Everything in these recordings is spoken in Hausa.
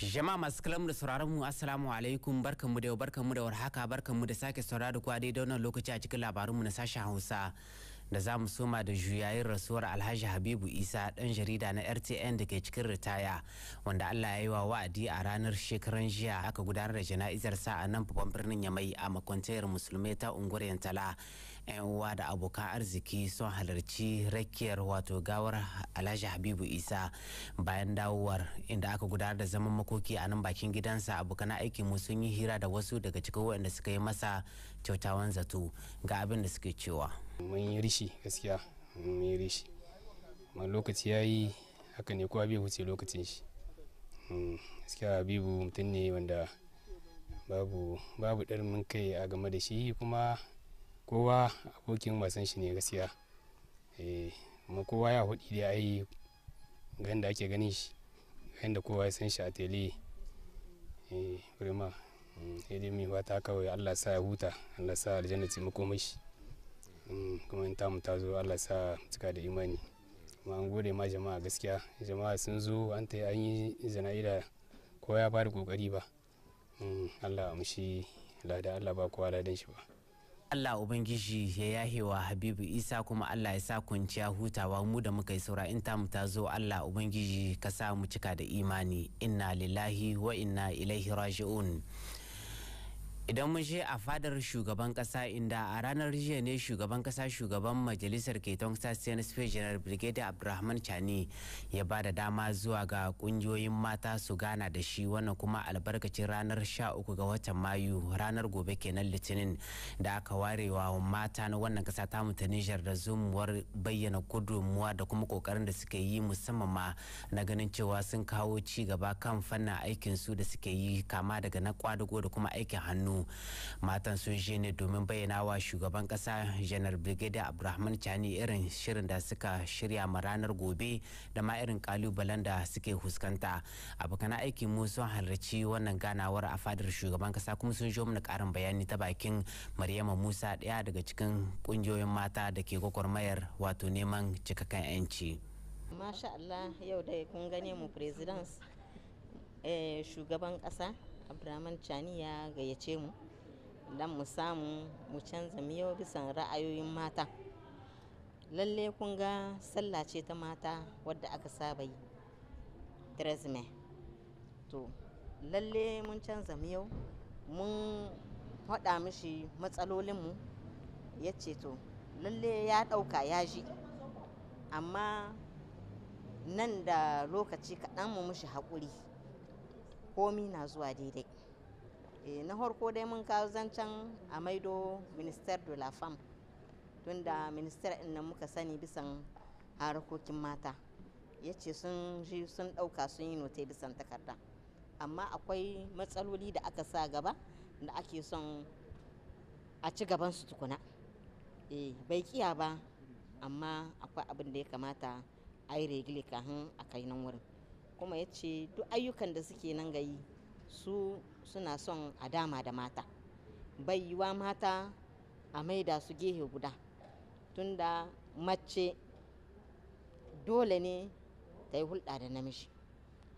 Jama'a masu kalamu da sauraron mu assalamu alaikum barkanmu da yau barkanmu da warhaka barkanmu da sake saurara da kwa da wannan lokaci a cikin mu na sashen Hausa da za mu soma da juyayin rasuwar Alhaji Habibu Isa dan jarida na RTN da ke cikin ritaya wanda Allah ya yi wa wa'adi a ranar shekaran jiya aka gudanar da jana'izar sa a nan babban birnin Yamai a makwantayar musulmai ta unguwar Yantala 'yan uwa da abokan arziki sun halarci rakiyar wato gawar alhaji habibu isa bayan dawowar inda aka gudanar da zaman makoki a nan bakin gidansa abokan aiki mu sun yi hira da wasu daga cikin waɗanda suka yi masa kyautawan zato ga abin da suke cewa mun yi rishi gaskiya mun yi rishi ma lokaci ya yi haka ne ko bai wuce lokacin shi hmm, gaskiya habibu mutum ne wanda babu babu ɗarmin kai a game da shi kuma kowa abokin wasan shi ne gaskiya eh, kuma kowa ya hudu da ai ga yadda ake ganin shi ga yadda kowa ya san shi a tele birma ilimi ta kawai allah sa ya huta allah sa aljanna ce shi mm, kuma in tamu ta zo allah sa cika da imani kuma an gode ma jama'a gaskiya jama'a sun zo an ta an yi zana'ida kowa ya ba da kokari ba mm, allah amshi lada allah ba kowa ladan shi ba Allah Ubangiji ya yahe wa Habibu Isa kuma Allah ya sa kwanciya hutawa mu da muka yi saura in tamu ta zo Allah Ubangiji ka sa mu cika da imani inna lillahi wa inna ilaihi raji'un. idan mun shi a fadar shugaban kasa inda a ranar jiya ne shugaban kasa shugaban majalisar keton sassan space general brigadier abdulrahman chani ya ba da dama zuwa ga kungiyoyin mata su gana da shi wannan kuma albarkacin ranar 13 ga watan mayu ranar gobe kenan litinin da aka warewa mata na wannan kasa ta mu nijar da zumuwar bayyana gudunmuwa da kuma kokarin da suke yi musamman ma na ganin cewa sun kawo ci gaba kan fannin aikin su da suke yi kama daga na kwadugo da kuma aikin hannu kano matan sun je ne domin bayyana wa shugaban kasa janar brigadier abdulrahman chani irin shirin da suka shirya ma ranar gobe da ma irin kalubalen da suke fuskanta abokan aiki mu sun halarci wannan ganawar a fadar shugaban kasa kuma sun jo mana karin bayani ta bakin maryama musa daya daga cikin kungiyoyin mata da ke gwagwarmayar wato neman cikakken 'yanci masha allah yau da kun gane mu president eh, shugaban kasa abdurrahman chani ya gayyace mu don mu samu mu canza miyo bisan ra'ayoyin mata lalle kun ga sallah ce ta mata wadda aka saba yi tresme to lalle mun canza miyo mun faɗa mishi matsalolinmu ya ce to lalle ya ɗauka ya ji amma nan da lokaci kaɗan mu mishi haƙuri komi na zuwa daidai eh, na harko dai mun kawo zancen a maido minister de la femme tunda minister ɗin nan muka sani bisan harkokin mata ya ce sun ji sun ɗauka sun yi notai bisan takarda amma akwai matsaloli da aka sa gaba da ake son a ci gaban su tukuna e, bai kiya ba amma akwai abin da ya kamata a yi regile kahin a kai nan wurin kuma ya ce duk ayyukan da suke nan gayi su suna son a dama da mata bai yiwa mata a maida su gehe guda tunda mace dole ne ta yi hulɗa da namiji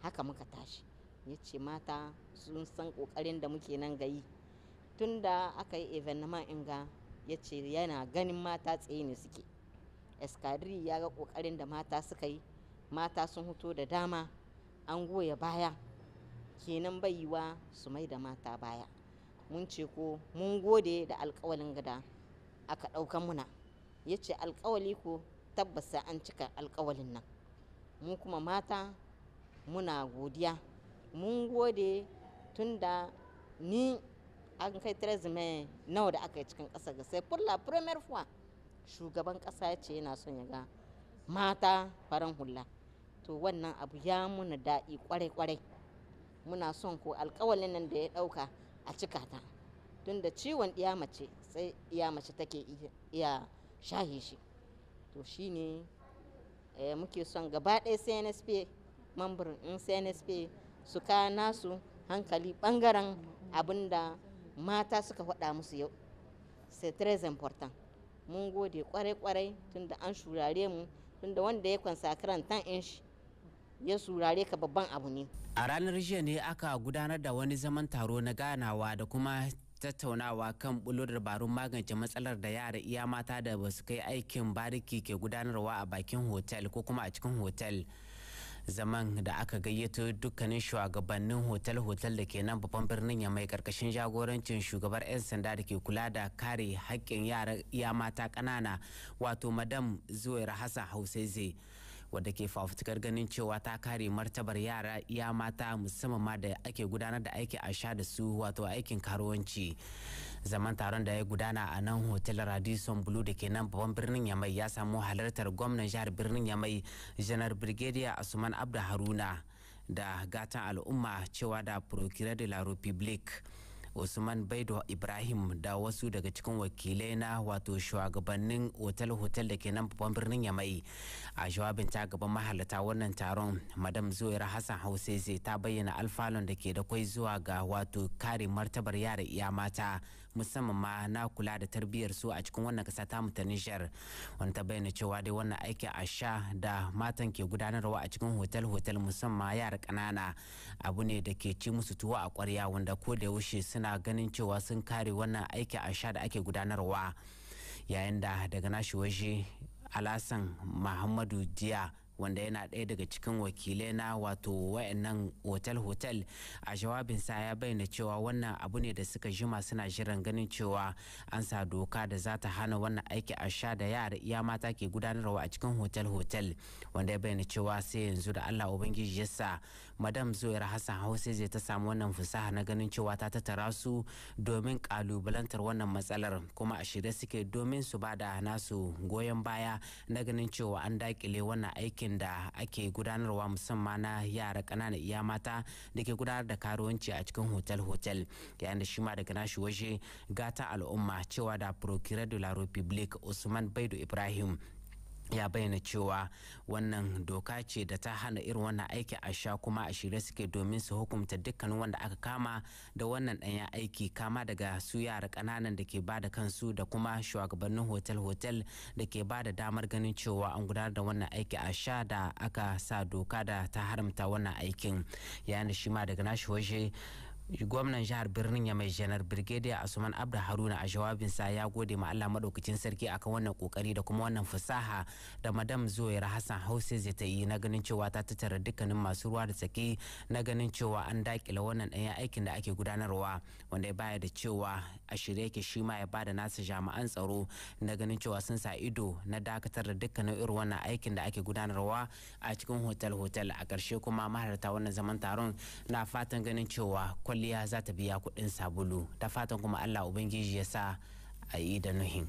haka muka tashi ya ce mata sun san ƙoƙarin da muke nan gayi tunda aka yi evenement inga ya ce yana ganin mata tsaye ne suke eskadri ya ga ƙoƙarin da mata suka yi mata sun hito da dama an goya baya kenan bai yiwa su mai da mata baya mun ce ko mun gode da alkawalin gada aka ɗauka muna ya ce alkawali ko tabbasa an cika alkawalin nan mu kuma mata muna godiya mun gode tun ni an kai mai nawa da aka yi cikin ƙasa ga sai fulla premier fois shugaban ƙasa ya ce yana son ya ga mata faran hula to wannan abu ya muna daɗi kwarai-kwarai muna son ko alkawalin nan da ya ɗauka a cika ta tun da ciwon mace sai iya mace take iya shahe shi to shi ne eh, muke son gaba ɗaya cnsp mambarin in cnsp su ka nasu hankali ɓangaren abinda mata suka faɗa musu yau c'est très important mun gode kwarai-kwarai tunda an shurare mu tunda wanda ya kwansa karantan in shi ya surare ka babban abu ne. A ranar jiya ne aka gudanar da wani zaman taro na ganawa da kuma tattaunawa kan bulo dabarun magance matsalar da yara iya mata da ba su kai aikin bariki ke gudanarwa a bakin hotel ko kuma a cikin hotel. zaman da aka gayyato dukkanin shugabannin hotel-hotel da ke nan babban birnin ya mai karkashin jagorancin shugabar 'yan sanda da ke kula da kare haƙƙin yara iya mata ƙanana wato madam zuwaira hausa hausaize wadda ke fafutukar ganin cewa ta kare martabar yara iya mata musamman ma da ake gudanar da aiki a sha da su wato aikin karuwanci zaman taron da ya gudana a nan hotel radisson blue da ke nan babban birnin yamai ya samu halartar gwamnan jihar birnin yamai janar brigadier asuman abda haruna da gatan al'umma cewa da procureur de la republique usman baido ibrahim da wasu daga cikin wakilai na wato shugabannin otal-otal da ke nan babban birnin yamai a jawabin ta gaban mahalata wannan taron madam zuwaira hassan hausese ta bayyana alfalon da ke da kwai zuwa ga wato kare martabar yara iya mata musamman ma na kula da tarbiyyar su a cikin wannan kasa ta mu ta nijar wani ta bayyana cewa dai wannan aiki a sha da matan ke gudanarwa a cikin hotel-hotel musamman yara ƙanana abu ne da ke ci musu tuwo a kwarya wanda ko da yaushe suna ganin cewa sun kare wannan aiki a sha da ake gudanarwa yayin da daga nashi waje alasan muhammadu jiya wanda yana ɗaya daga cikin wakilai na wato wayannan hotel-hotel a jawabinsa ya bayyana cewa wannan abu ne da suka jima suna jiran ganin cewa an sa doka da za ta hana wannan aiki a sha da yara iya mata ke gudanarwa a cikin hotel-hotel wanda ya bayyana cewa sai yanzu da allah ubangiji ya sa madam zoyar hassan hausa zai ta samu wannan fusaha na ganin cewa ta tattara su domin kalubalantar wannan matsalar kuma a shirye suke domin su ba da nasu goyon baya na ganin cewa an dakile wannan aikin da ake gudanarwa musamman na yara ƙananan iya mata da ke gudanar da karuwanci a cikin hotel-hotel yayin da shi ma daga nashi waje gata al'umma cewa da procureur la republique usman baido ibrahim ya bayyana cewa wannan doka ce da ta hana irin wannan aiki a sha kuma a shirye suke domin su hukunta dukkanin wanda aka kama da wannan ɗanyen aiki kama daga su yara ƙananan da ke ba da kansu da kuma shugabannin hotel-hotel da ke ba da damar ganin cewa an gudanar da wannan aiki a sha da aka sa doka da ta haramta wannan aikin yayin da shi ma daga nashi waje gwamnan jihar birnin ya mai janar brigadier asuman abda haruna a jawabinsa ya gode ma allah maɗaukacin sarki akan wannan kokari da kuma wannan fasaha da madam zoyar hassan hausa zai ta yi na ganin cewa ta tattara dukkanin masu ruwa da tsaki na ganin cewa an dakila wannan ɗanyen aikin da ake gudanarwa wanda ya baya da cewa a shirya yake shi ma ya bada nasa jami'an tsaro na ganin cewa sun sa ido na dakatar da dukkanin irin wannan aikin da ake gudanarwa a cikin hotel-hotel a ƙarshe kuma maharata wannan zaman taron na fatan ganin cewa kwalli kwalliya za ta biya kuɗin sabulu ta fatan kuma allah ubangiji ya sa a yi da nuhin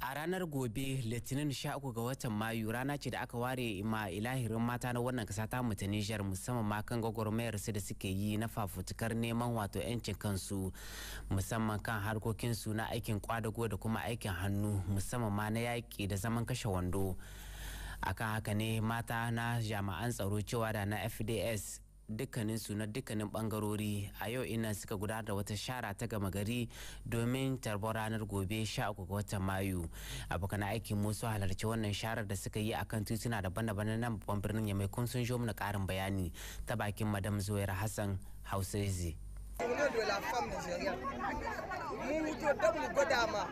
a ranar gobe litinin 13 ga watan mayu rana ce da aka ware ma ilahirin mata na wannan kasa ta mutu nijar musamman ma kan gwagwarmayar su da suke yi na fafutukar neman wato yancin kansu musamman kan harkokin su na aikin kwadago da kuma aikin hannu musamman ma na yaƙi da zaman kashe wando akan haka ne mata na jami'an tsaro cewa da na fds dukkaninsu na dukkanin bangarori a yau ina suka gudanar da wata shara ta gama gari domin tarbar ranar gobe 13 ga watan mayu abokan aikin mu halarci wannan sharar da suka yi akan tituna daban-daban nan babban birnin ya mai sun jo mana karin bayani ta bakin madam zuwaira hassan hausaizi mu to da mu gwada ma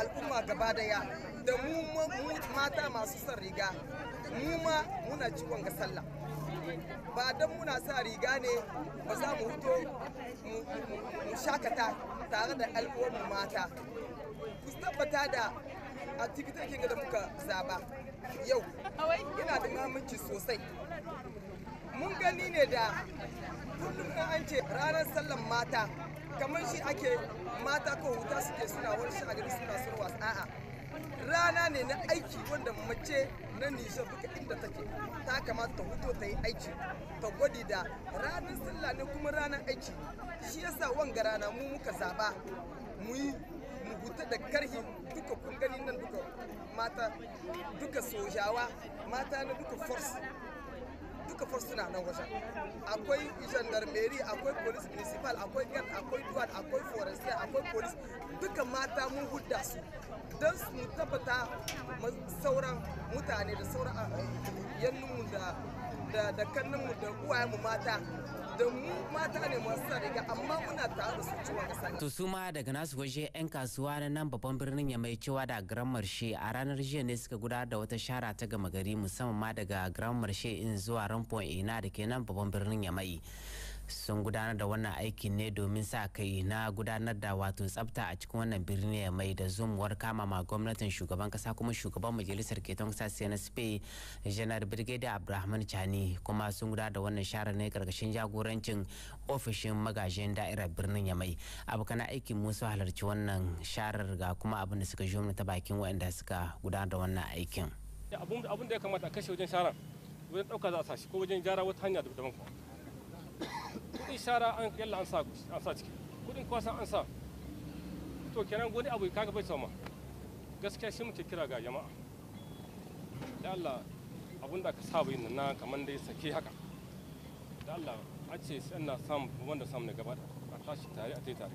al'umma gaba daya da mu mata masu son riga mu ma muna ciwon ga sallah ba don muna sa riga ne ba za mu hito mu shakata tare da al'ummar mata ku tabbata da activity kin da muka zaba yau yana da mamaci sosai mun gani ne da kullum na an ce ranar sallan mata kamar shi ake mata ko huta suke suna wani shagari suna sun wasa'a rana ne na aiki wanda mace na nisa duka inda take ta kamata ta huto ta yi aiki ta gwadi da ranar sallah ne kuma ranar aiki shi yasa wanga rana mu muka zaba mu yi mu huta da karhi duka kun gani nan duka mata duka sojawa mata na duka force duka force suna nan wajen akwai gendarmerie akwai police municipal akwai guard akwai duwan akwai forestier akwai police duka mata mun hudda su don su tabbata sauran mutane da sauran ah, yanninmu da da kanninmu da uwayenmu mata da mu mata ne masu sariga amma muna tare da su cewa kasa. To su ma daga nasu waje 'yan kasuwa na nan babban birnin ya mai cewa da Grand marshe a ranar jiya ne suka gudanar da wata shara ta gama gari musamman ma daga Grand marshe in zuwa Rampon Ina da ke nan babban birnin ya mai. sun gudanar da wannan aikin ne domin sa kai na gudanar da wato tsafta a cikin wannan birni mai da zumuwar kama ma gwamnatin shugaban kasa kuma shugaban majalisar keton kasa cnsp janar birgeda abdulrahman chani kuma sun gudanar da wannan share ne karkashin jagorancin ofishin magajin da'irar birnin ya mai abokan aikin mu su halarci wannan sharar ga kuma abin da suka jumla ta bakin wa'inda suka gudanar da wannan aikin abun da ya kamata a kashe wajen sharar wajen ɗauka za a sashi ko wajen gyara wata hanya daban kuma kudi shara an yalla an sa an sa ciki kudin kwasa an sa to kenan wani abu kaga bai sama gaskiya shi muke kira ga jama'a da Allah abun da ka sa yin nan kaman dai sake haka da Allah a ce na sam wanda sam ne gaba a tashi tare a tai tare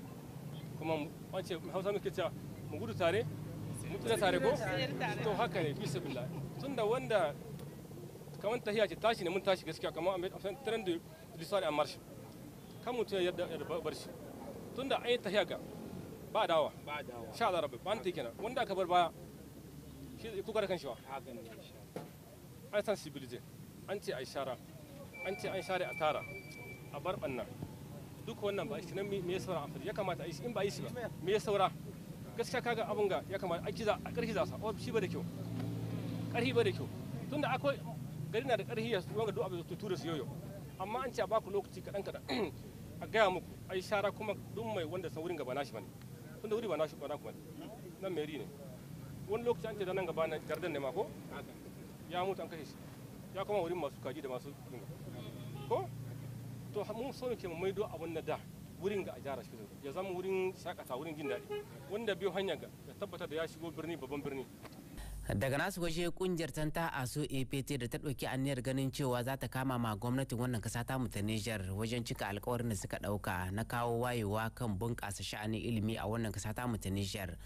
kuma a ce Hausa muke cewa mu gudu tare mu tsira tare ko to haka ne bisa tunda wanda kaman tahiya ce tashi ne mun tashi gaskiya kaman a trend lissuwa a marshi kan mutum ya bar shi da an yi tafiya ga ba dawa sha a rabu ba ta kenan wanda aka bar baya shi kuka da kan wa an san sibilize an ce a shara an ce an share a tara a bar banna duk wannan ba shi nan me ya saura afir ya kamata a yi in ba yi shi ba me ya saura gaskiya kaga abun ga ya kamata a kiza a karfi zasa o oh, shi ba da kyau karfi ba da kyau tunda akwai gari na da karfi ya wanga duk abin da tura su yoyo amma an ce a baku lokaci kaɗan kaɗan a gaya muku ai shara kuma duk mai wanda san wurin gaba nashi bane tunda wuri ba nashi ba naku ne nan meri ne wani lokaci an ce da nan gaba na jardin ne ma ko ya mutu an kashe shi ya kuma wurin masu kaji da masu dinga ko to mun so ke mu maido abun na da wurin ga a jara shi ya zama wurin shakata wurin jin daɗi wanda biyo hanya ga ya tabbatar da ya shigo birni babban birni daga nasu waje kungiyar tanta a su apt da ta ɗauki aniyar ganin cewa za ta kama ma gwamnatin wannan kasa ta mu niger wajen cika alkawarin da suka ɗauka na kawo wayewa kan bunƙasa sha'anin ilimi a wannan kasa ta mu ta niger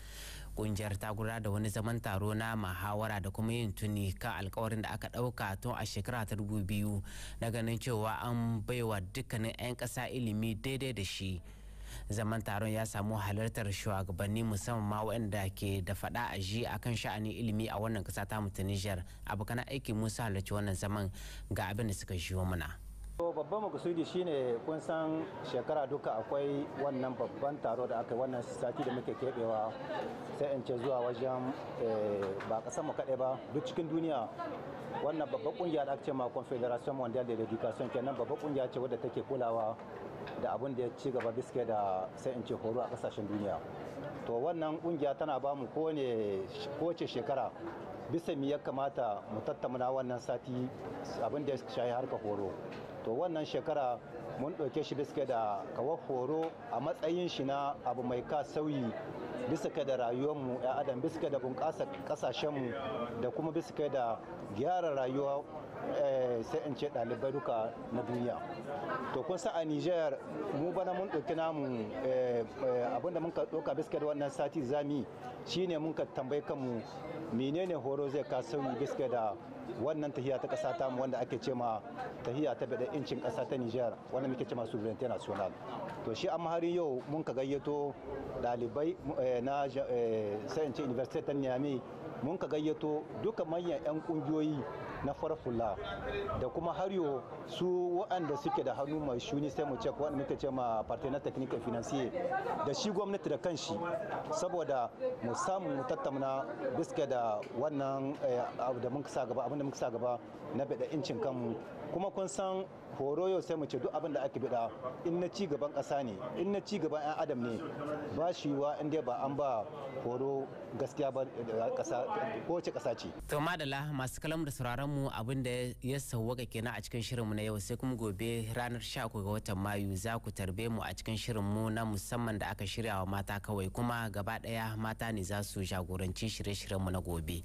kungiyar ta gura da wani zaman taro na muhawara da kuma yin tuni kan alkawarin da aka ɗauka tun a shekara ta dubu biyu na ganin cewa an baiwa dukkanin 'yan ƙasa ilimi daidai da shi zaman taron ya samu halartar shugabanni musamman ma wanda ke da fada a ji a kan sha'anin ilimi a wannan kasa ta mutu Nijar abokan aiki musa halarci wannan zaman ga abin da suka shi mana. babban makasudi shine kun san shekara duka akwai wannan babban taro da aka wannan sati da muke keɓewa sai in ce zuwa wajen eh, ba ƙasar mu kaɗai ba duk cikin duniya wannan babban kungiya da aka ce ma confederation mondial de education kenan babban kungiya ce wadda take kulawa da abin da ya ci gaba biske da sai in ce horo a kasashen duniya to wannan kungiya tana ba mu kowace shekara bisa mi ya kamata mu tattauna wannan sati abin da ya shayi harka horo to wannan shekara mun ɗauke shi bisa da kawar horo a matsayin shi na abu mai ka sauyi bisa da rayuwarmu ya adam bisa da bunƙasa ƙasashenmu da kuma bisa da gyara rayuwa eh, sai in ce ɗalibai duka na duniya to kun sa a niger mu bana mun ɗauki namu eh, eh, abinda mun ka ɗauka bisa da wannan sati zami shine mun ka tambayi kanmu menene horo zai ka sauyi gaske da wannan tahiya ta kasa ta wanda ake ce ma tahiya ta bada incin kasa ta Niger wanda muke ce ma sovereignty national to shi amma har yau mun ka gayyato dalibai eh, na eh, sai university ta Niamey mun ka gayyato duka manyan yan kungiyoyi na farfula da kuma har yau su waɗanda suke da hannu mai shuni sai mu ce waɗanda muke ce ma partenaire technique financier da shi gwamnati da kanshi saboda mu samu mu tattauna biske da wannan eh, abu da mun sa gaba abin da mun sa gaba na bada incin kanmu kuma kun san horo yau sai mu ce duk abin da ake bida in na ci gaban ƙasa ne in na ci gaban 'yan adam ne ba shi wa in dai ba an ba horo gaskiya ba kasa eh, ko ce ƙasa ce. to madala masu kalam da sauraron mu abin da ya sauwaka kenan a cikin shirin mu na yau sai kuma gobe ranar 13 ga watan mayu za ku tarbe mu a cikin shirin mu na musamman da aka shirya wa mata kawai kuma gaba ɗaya mata ne za su jagoranci shirye-shiryen mu na gobe.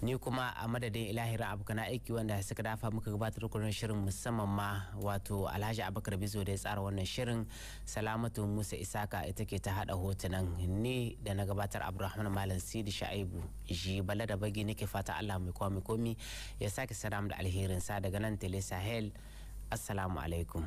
ni kuma a madadin ilahira abokan aiki wanda suka dafa muka gabatar kurin shirin musamman ma wato alhaji abakar bizo da ya tsara wannan shirin salamatu musa isaka ita ke ta hada hotunan ni da na gabatar abdulrahman malam sidi sha'ibu ji bala da bagi nake fata allah mai komi komi ya sake salam da alherin sa daga nan tele sahel assalamu alaikum